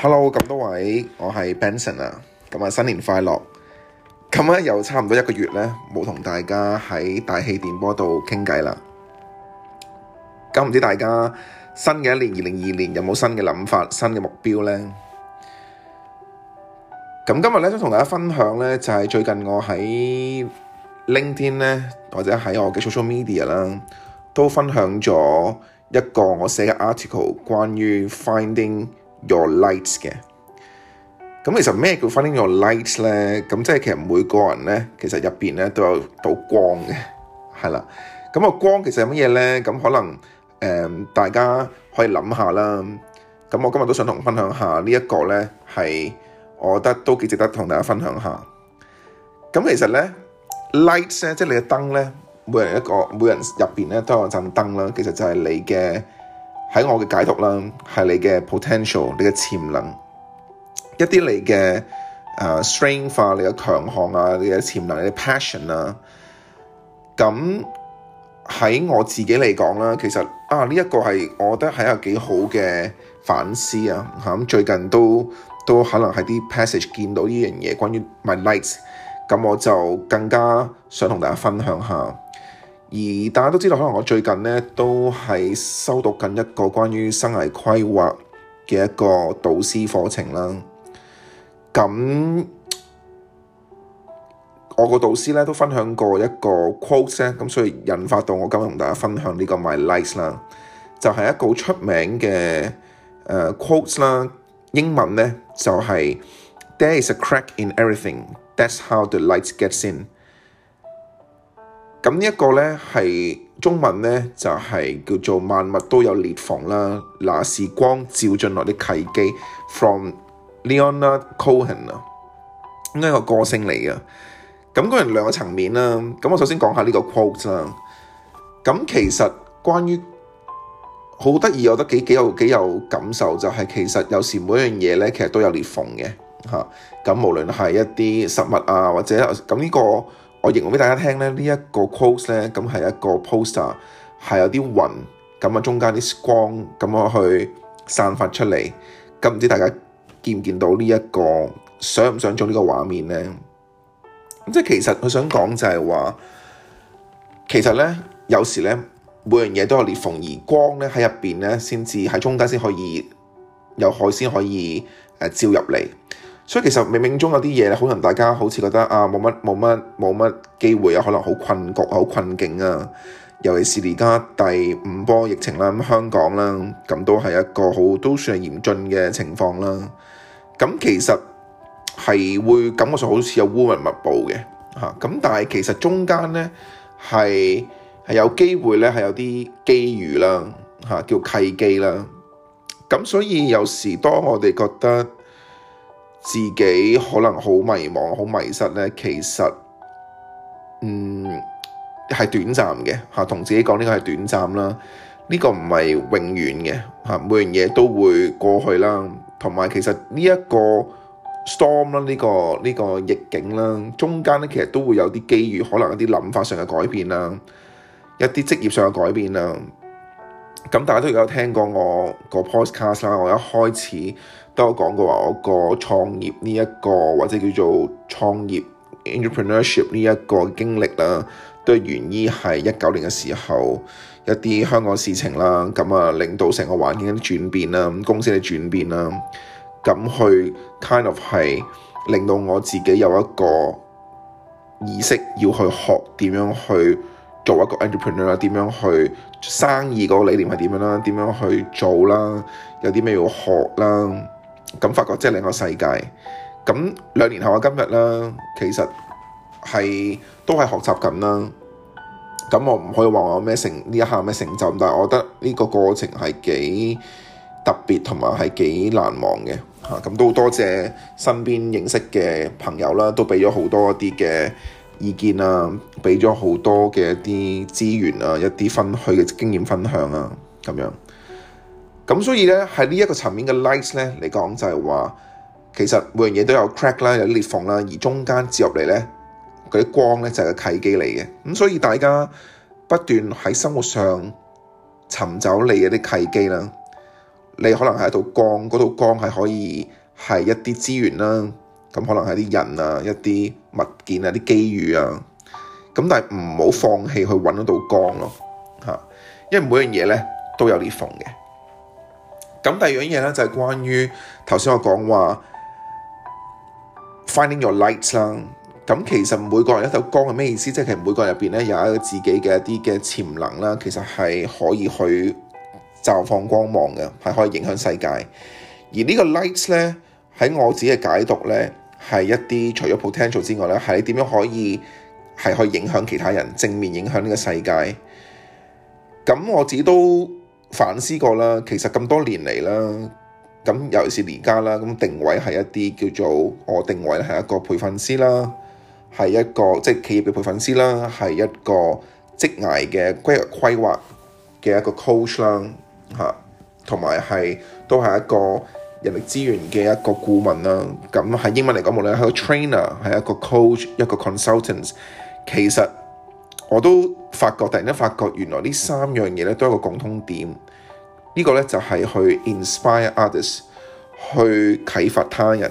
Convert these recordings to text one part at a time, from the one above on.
hello，咁多位，我係 Benson 啊。咁啊新年快樂，咁咧又差唔多一個月咧，冇同大家喺大氣電波度傾偈啦，咁唔知大家新嘅一年二零二年有冇新嘅諗法、新嘅目標咧？咁今日咧想同大家分享咧，就係最近我喺 LinkedIn 咧或者喺我嘅 social media 啦，都分享咗一個我寫嘅 article 關於 finding。your lights 嘅，咁其實咩叫 finding your lights 咧？咁即係其實每個人咧，其實入邊咧都有道光嘅，係啦。咁個光其實係乜嘢咧？咁可能誒，大家可以諗下啦。咁我今日都想同分享下呢一個咧，係我覺得都幾值得同大家分享下。咁其實咧，lights 咧，即係你嘅燈咧，每人一個，每人入邊咧都有盞燈啦。其實就係你嘅。喺我嘅解讀啦，係你嘅 potential，你嘅潛能，一啲你嘅誒 strength 化你嘅強項啊，你嘅潛能，你嘅 passion 啊，咁喺我自己嚟講啦，其實啊呢一個係我覺得係一個幾好嘅反思啊嚇，最近都都可能係啲 passage 見到呢樣嘢關於 my lights，咁我就更加想同大家分享下。而大家都知道，可能我最近呢都係修讀緊一個關於生涯規劃嘅一個導師課程啦。咁我個導師呢都分享過一個 quote 咧，咁所以引發到我今日同大家分享呢個 my lights 啦，就係一個出名嘅 quote 啦。英文呢就係 There is a crack in everything, that's how the light gets in。咁呢一個咧係中文咧就係、是、叫做萬物都有裂縫啦，那是光照進來的契機，from Leonard Cohen 啊，應該個歌星嚟嘅。咁、那、講、個、人兩個層面啦，咁我首先講下呢個 quote 啦。咁其實關於好得意，我覺得有得幾幾有幾有感受，就係、是、其實有時每樣嘢咧，其實都有裂縫嘅嚇。咁無論係一啲實物啊，或者咁呢、這個。我形容俾大家聽咧，這個、呢一個 close 咧咁係一個 poster，係有啲雲咁啊，中間啲光咁啊去散發出嚟。咁唔知大家見唔見到呢、這、一個想唔想做個畫呢個畫面咧？咁即係其實佢想講就係話，其實咧有時咧每樣嘢都有裂縫，而光咧喺入邊咧先至喺中間先可以有海先可以誒照入嚟。所以其實冥冥中有啲嘢咧，可能大家好似覺得啊，冇乜冇乜冇乜機會啊，可能好困局、好困境啊。尤其是而家第五波疫情啦，咁、啊、香港啦，咁、啊、都係一個好都算係嚴峻嘅情況啦。咁、啊、其實係會感覺上好似有烏雲密布嘅嚇，咁、啊、但係其實中間咧係係有機會咧，係有啲機遇啦嚇、啊，叫契機啦。咁、啊、所以有時當我哋覺得自己可能好迷茫、好迷失呢。其實，嗯，係短暫嘅嚇，同自己講呢個係短暫啦，呢個唔係永遠嘅嚇，每樣嘢都會過去啦。同埋其實呢一個 storm 啦，呢個呢個逆境啦，中間呢，其實都會有啲機遇，可能有啲諗法上嘅改變啦，一啲職業上嘅改變啦。咁大家都有聽過我個 podcast 啦，我一開始，都講過話，我個創業呢、這、一個或者叫做創業 entrepreneurship 呢一個經歷啦，都係源於係一九年嘅時候一啲香港事情啦，咁啊令到成個環境一啲轉變啦，咁公司嘅轉變啦，咁去 kind of 係令到我自己有一個意識要去學點樣去做一個 entrepreneur 啦，點樣去生意嗰個理念係點樣啦，點樣去做啦，有啲咩要學啦。咁發覺即係另一個世界，咁兩年後嘅今日啦，其實係都係學習緊啦。咁我唔可以話我咩成呢一下咩成就，但係我覺得呢個過程係幾特別同埋係幾難忘嘅嚇。咁都多謝身邊認識嘅朋友啦，都俾咗好多一啲嘅意見啊，俾咗好多嘅一啲資源啊，一啲分佢嘅經驗分享啊，咁樣。咁所以咧，喺呢一個層面嘅 lights 咧嚟講，就係話其實每樣嘢都有 crack 啦，有啲裂縫啦。而中間接入嚟咧，嗰啲光咧就係個契機嚟嘅。咁所以大家不斷喺生活上尋找你嘅啲契機啦。你可能係一道光，嗰道光係可以係一啲資源啦，咁可能係啲人啊、一啲物件啊、啲機遇啊。咁但係唔好放棄去揾得到光咯嚇，因為每樣嘢咧都有裂縫嘅。咁第二樣嘢咧就係關於頭先我講話 finding your lights 啦。咁其實每個人一嚿光係咩意思？即係每個人入邊咧有一個自己嘅一啲嘅潛能啦，其實係可以去綻放光芒嘅，係可以影響世界。而呢個 lights 咧喺我自己嘅解讀咧係一啲除咗 potential 之外咧係點樣可以係可以影響其他人，正面影響呢個世界。咁我自己都反思過啦，其實咁多年嚟啦，咁尤其是而家啦，咁定位係一啲叫做我定位係一個培訓師啦，係一個即係企業嘅培訓師啦，係一個職涯嘅規劃嘅一個 coach 啦，嚇，同埋係都係一個人力資源嘅一個顧問啦。咁喺英文嚟講，無論係一個 trainer，係一個 coach，一個 consultants，其實。我都發覺，突然間發覺原來呢三樣嘢咧都有個共通點。這個、呢個咧就係、是、去 inspire others，去啟發他人。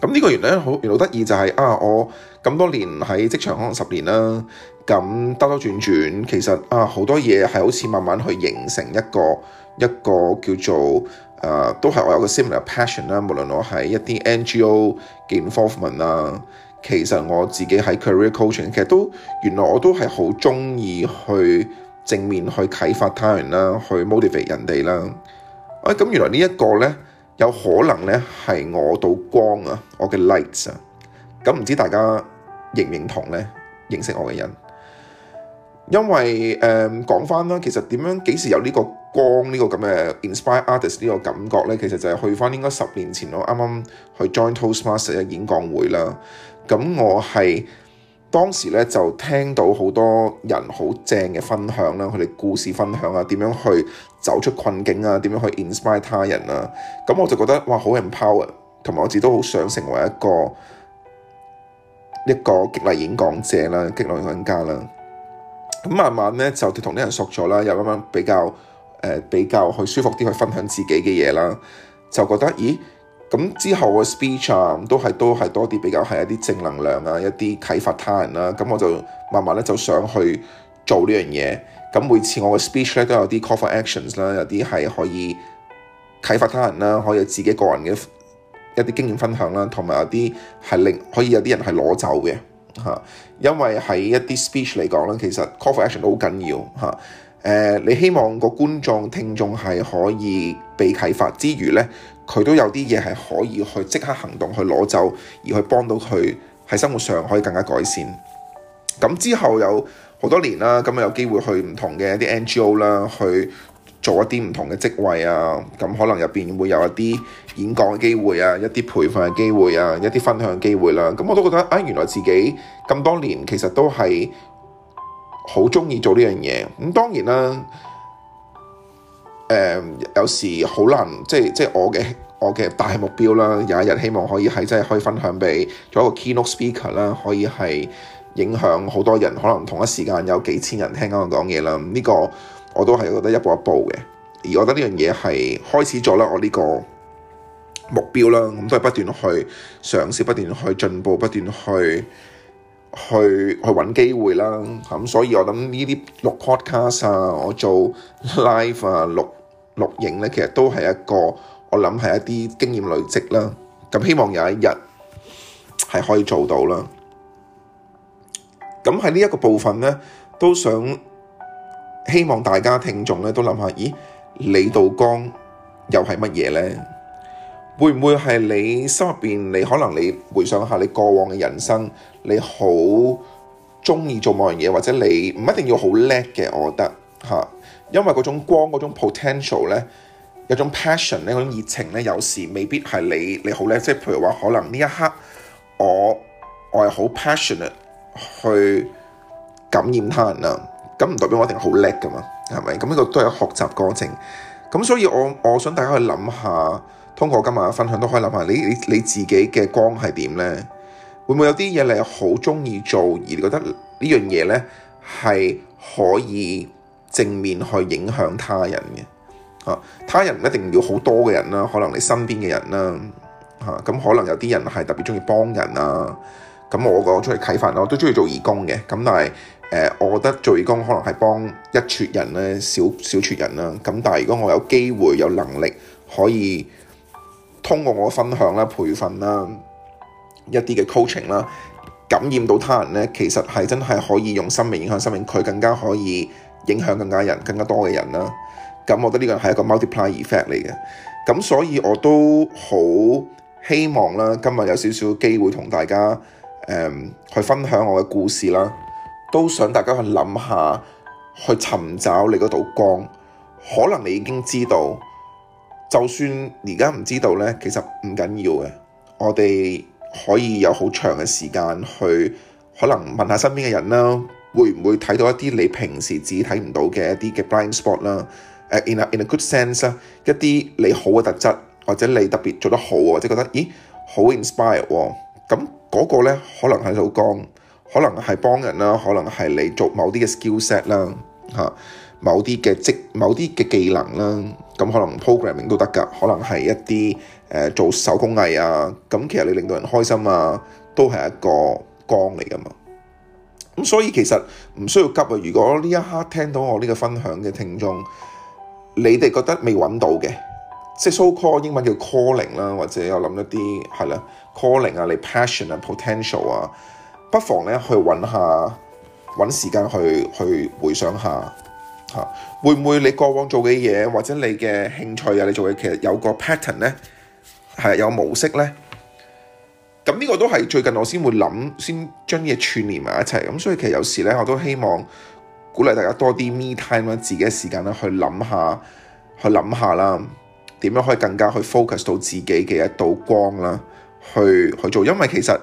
咁呢個原來好原來得意就係、是、啊，我咁多年喺職場可能十年啦，咁兜兜轉轉，其實啊多好多嘢係好似慢慢去形成一個一個叫做誒、啊，都係我有個 similar passion 啦、啊。無論我喺一啲 NGO 嘅 involvement 啊。其實我自己喺 career coaching，其實都原來我都係好中意去正面去啟發他人啦，去 motivate 人哋啦。哎、啊，咁、嗯、原來呢一個呢，有可能呢係我到光啊，我嘅 lights 啊。咁、嗯、唔知大家認唔認同呢？認識我嘅人，因為誒講翻啦，其實點樣幾時有呢個光呢、這個咁嘅 inspire artist 呢個感覺呢？其實就係去翻應該十年前我啱啱去 join Toastmaster 嘅演講會啦。咁我係當時咧就聽到好多人好正嘅分享啦，佢哋故事分享啊，點樣去走出困境啊，點樣去 inspire 他人啊，咁我就覺得哇好 empower，同埋我自己都好想成為一個一個激勵演講者啦，激勵演講家啦。咁慢慢咧就同啲人熟咗啦，又慢慢比較誒、呃、比較去舒服啲去分享自己嘅嘢啦，就覺得咦～咁之後嘅 speech 啊，都係都係多啲比較係一啲正能量啊，一啲啟發他人啦、啊。咁我就慢慢咧就想去做呢樣嘢。咁每次我嘅 speech 咧都有啲 call for actions 啦、啊，有啲係可以啟發他人啦、啊，可以自己個人嘅一啲經驗分享啦、啊，同埋有啲係令可以有啲人係攞走嘅嚇。因為喺一啲 speech 嚟講咧，其實 call for action 都好緊要嚇。誒、啊，你希望個觀眾聽眾係可以被啟發之餘咧，佢都有啲嘢係可以去即刻行動去攞走，而去幫到佢喺生活上可以更加改善。咁之後有好多年啦，咁有機會去唔同嘅一啲 NGO 啦，去做一啲唔同嘅職位啊。咁可能入邊會有一啲演講嘅機會啊，一啲培訓嘅機會啊，一啲分享嘅機會啦、啊。咁我都覺得啊、哎，原來自己咁多年其實都係好中意做呢樣嘢。咁當然啦。誒、um, 有時好難，即係即係我嘅我嘅大目標啦。有一日希望可以係即係可以分享俾做一個 keynote speaker 啦，可以係影響好多人，可能同一時間有幾千人聽緊我講嘢啦。呢、這個我都係覺得一步一步嘅，而我覺得呢樣嘢係開始咗啦。我呢個目標啦，咁、嗯、都係不斷去嘗試不斷去進步，不斷去去去揾機會啦。咁、嗯、所以我諗呢啲錄 podcast 啊，我做 live 啊，錄。錄影咧，其實都係一個我諗係一啲經驗累積啦。咁希望有一日係可以做到啦。咁喺呢一個部分咧，都想希望大家聽眾咧都諗下，咦？李道光又係乜嘢咧？會唔會係你心入邊？你可能你回想下你過往嘅人生，你好中意做某樣嘢，或者你唔一定要好叻嘅，我覺得嚇。因為嗰種光，嗰種 potential 呢，有種 passion 呢，嗰種熱情呢，有時未必係你你好叻。即係譬如話，可能呢一刻我我係好 passionate 去感染他人啦。咁唔代表我一定好叻噶嘛，係咪？咁呢個都係學習過程。咁所以我我想大家去諗下，通過今日嘅分享都可以諗下，你你你自己嘅光係點呢？會唔會有啲嘢你係好鍾意做，而你覺得呢樣嘢呢係可以？正面去影響他人嘅，嚇他人唔一定要好多嘅人啦，可能你身邊嘅人啦，嚇咁可能有啲人係特別中意幫人啦，咁我個出嚟啟發我都中意做義工嘅，咁但係誒，我覺得做義工可能係幫一撮人咧，少少撮人啦，咁但係如果我有機會有能力，可以通過我分享啦、培訓啦、一啲嘅 coaching 啦，感染到他人咧，其實係真係可以用生命影響生命，佢更加可以。影響更加人、更加多嘅人啦，咁我覺得呢個係一個 multiply effect 嚟嘅，咁所以我都好希望啦，今日有少少機會同大家誒、嗯、去分享我嘅故事啦，都想大家去諗下去尋找你嗰道光，可能你已經知道，就算而家唔知道咧，其實唔緊要嘅，我哋可以有好長嘅時間去，可能問下身邊嘅人啦。會唔會睇到一啲你平時自己睇唔到嘅一啲嘅 blind spot 啦？誒，in a in a good sense 啦，一啲你好嘅特質，或者你特別做得好，或者覺得咦好 inspire 喎，咁嗰、哦、個咧可能係做光，可能係幫人啦，可能係你做某啲嘅 skillset 啦、啊，嚇，某啲嘅職某啲嘅技能啦，咁可能 programming 都得㗎，可能係一啲誒、呃、做手工藝啊，咁其實你令到人開心啊，都係一個光嚟㗎嘛。咁所以其實唔需要急啊！如果呢一刻聽到我呢個分享嘅聽眾，你哋覺得未揾到嘅，即係 so call 英文叫 calling 啦，或者我諗一啲係啦，calling 啊，你 passion 啊，potential 啊，不妨咧去揾下，揾時間去去回想下嚇，會唔會你過往做嘅嘢，或者你嘅興趣啊，你做嘅其實有個 pattern 咧，係有模式咧？呢個都係最近我先會諗，先將啲嘢串連埋一齊。咁所以其實有時咧，我都希望鼓勵大家多啲 me time 啦，自己嘅時間咧去諗下，去諗下啦，點樣可以更加去 focus 到自己嘅一道光啦，去去做。因為其實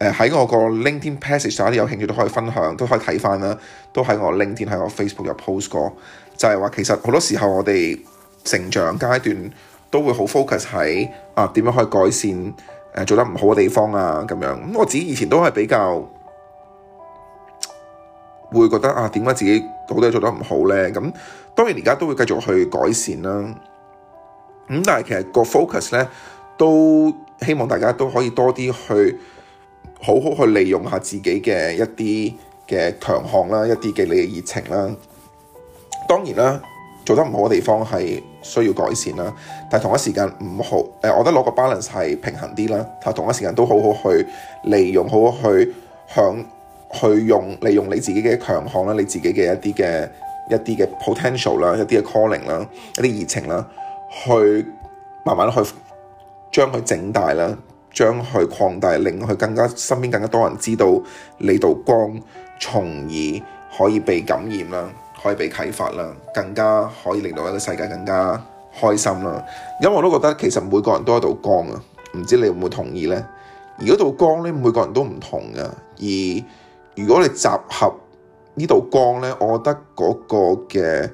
誒喺、呃、我個 LinkedIn passage，大家有興趣都可以分享，都可以睇翻啦。都喺我 LinkedIn 喺我 Facebook 有 post 過，就係、是、話其實好多時候我哋成長階段都會好 focus 喺啊點樣可以改善。誒做得唔好嘅地方啊，咁樣咁我自己以前都係比較會覺得啊，點解自己到底做得唔好咧？咁、嗯、當然而家都會繼續去改善啦。咁、嗯、但係其實個 focus 咧，都希望大家都可以多啲去好好去利用下自己嘅一啲嘅強項啦，一啲嘅你嘅熱情啦。當然啦，做得唔好嘅地方係需要改善啦，但同一時間唔好，誒，我覺得攞個 balance 係平衡啲啦。係同一時間都好好去利用，好好去向，去用，利用你自己嘅強項啦，你自己嘅一啲嘅一啲嘅 potential 啦，一啲嘅 calling 啦，一啲熱情啦，去慢慢去將佢整大啦，將佢擴大，令佢更加身邊更加多人知道你道光，從而可以被感染啦。可以被啟發啦，更加可以令到一個世界更加開心啦。因為我都覺得其實每個人都有一道光啊，唔知你會唔會同意呢？而嗰道光呢，每個人都唔同嘅。而如果你集合呢道光呢，我覺得嗰個嘅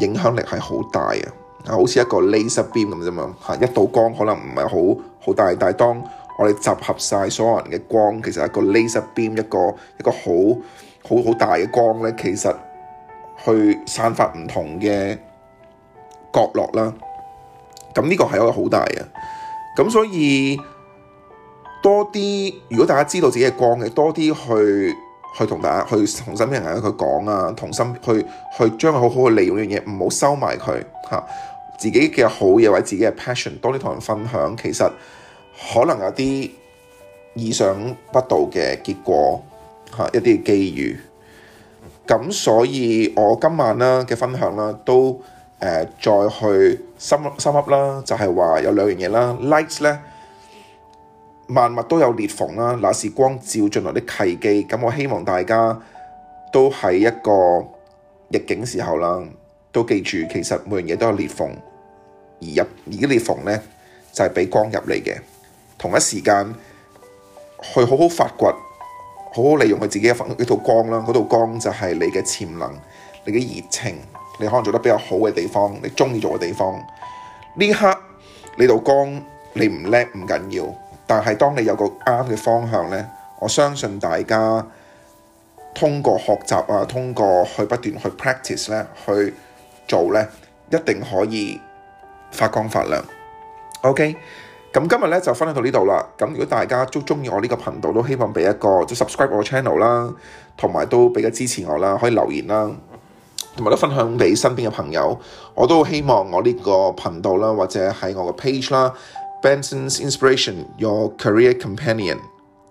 影響力係好大啊，好似一個 laser beam 咁啫嘛，嚇一道光可能唔係好好大，但係當我哋集合晒所有人嘅光，其實係一個 laser beam，一個一個好好好大嘅光呢，其實～去散發唔同嘅角落啦，咁呢個係一個好大嘅，咁所以多啲，如果大家知道自己係光嘅，多啲去去同大家去同身邊人去講啊，同心去去將佢好好去利用呢樣嘢，唔好收埋佢吓，自己嘅好嘢或者自己嘅 passion，多啲同人分享，其實可能有啲意想不到嘅結果吓，一啲嘅機遇。咁所以我今晚啦嘅分享啦，都、呃、誒再去深深吸啦，就係、是、話有兩樣嘢啦，lights 咧，萬 物都有裂縫啦，那是光照進來的契機，咁我希望大家都喺一個逆境時候啦，都記住其實每樣嘢都有裂縫，而入而啲裂縫咧就係、是、俾光入嚟嘅，同一時間去好好發掘。好好利用佢自己一份一道光啦，嗰道光就係你嘅潛能，你嘅熱情，你可能做得比較好嘅地方，你中意做嘅地方。呢刻呢道光，你唔叻唔緊要，但係當你有個啱嘅方向呢，我相信大家通過學習啊，通過不斷去不斷去 practice 呢，去做呢，一定可以發光發亮。OK。咁今日咧就分享到呢度啦。咁如果大家都中意我呢個頻道，都希望俾一個即係 subscribe 我 channel 啦，同埋都俾個支持我啦，可以留言啦，同埋都分享俾身邊嘅朋友。我都希望我呢個頻道啦，或者喺我個 page 啦，Benson's Inspiration Your Career Companion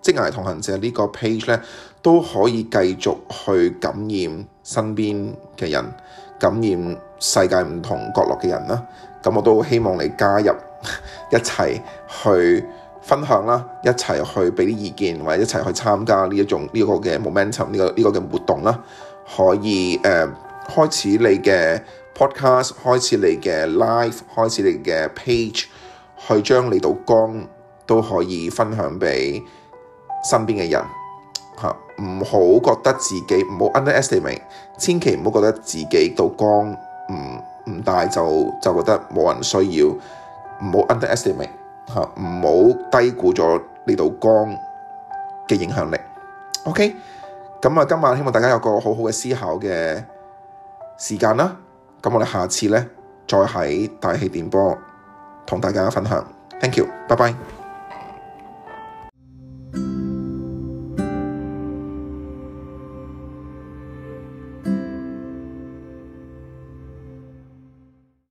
職涯同行者呢個 page 咧，都可以繼續去感染身邊嘅人，感染世界唔同角落嘅人啦。咁我都希望你加入。一齊去分享啦，一齊去俾啲意見，或者一齊去參加呢一種呢、這個嘅 momentum 呢、這個呢、這個嘅活動啦。可以誒、呃，開始你嘅 podcast，開始你嘅 live，開始你嘅 page，去將你道光都可以分享俾身邊嘅人嚇。唔、啊、好覺得自己唔好 underestimate，千祈唔好覺得自己道光唔唔大就就覺得冇人需要。唔好 underestimate 吓，唔好低估咗呢道光嘅影響力。OK，咁啊，今晚希望大家有個好好嘅思考嘅時間啦。咁我哋下次咧，再喺大氣電波同大家分享。Thank you，拜拜。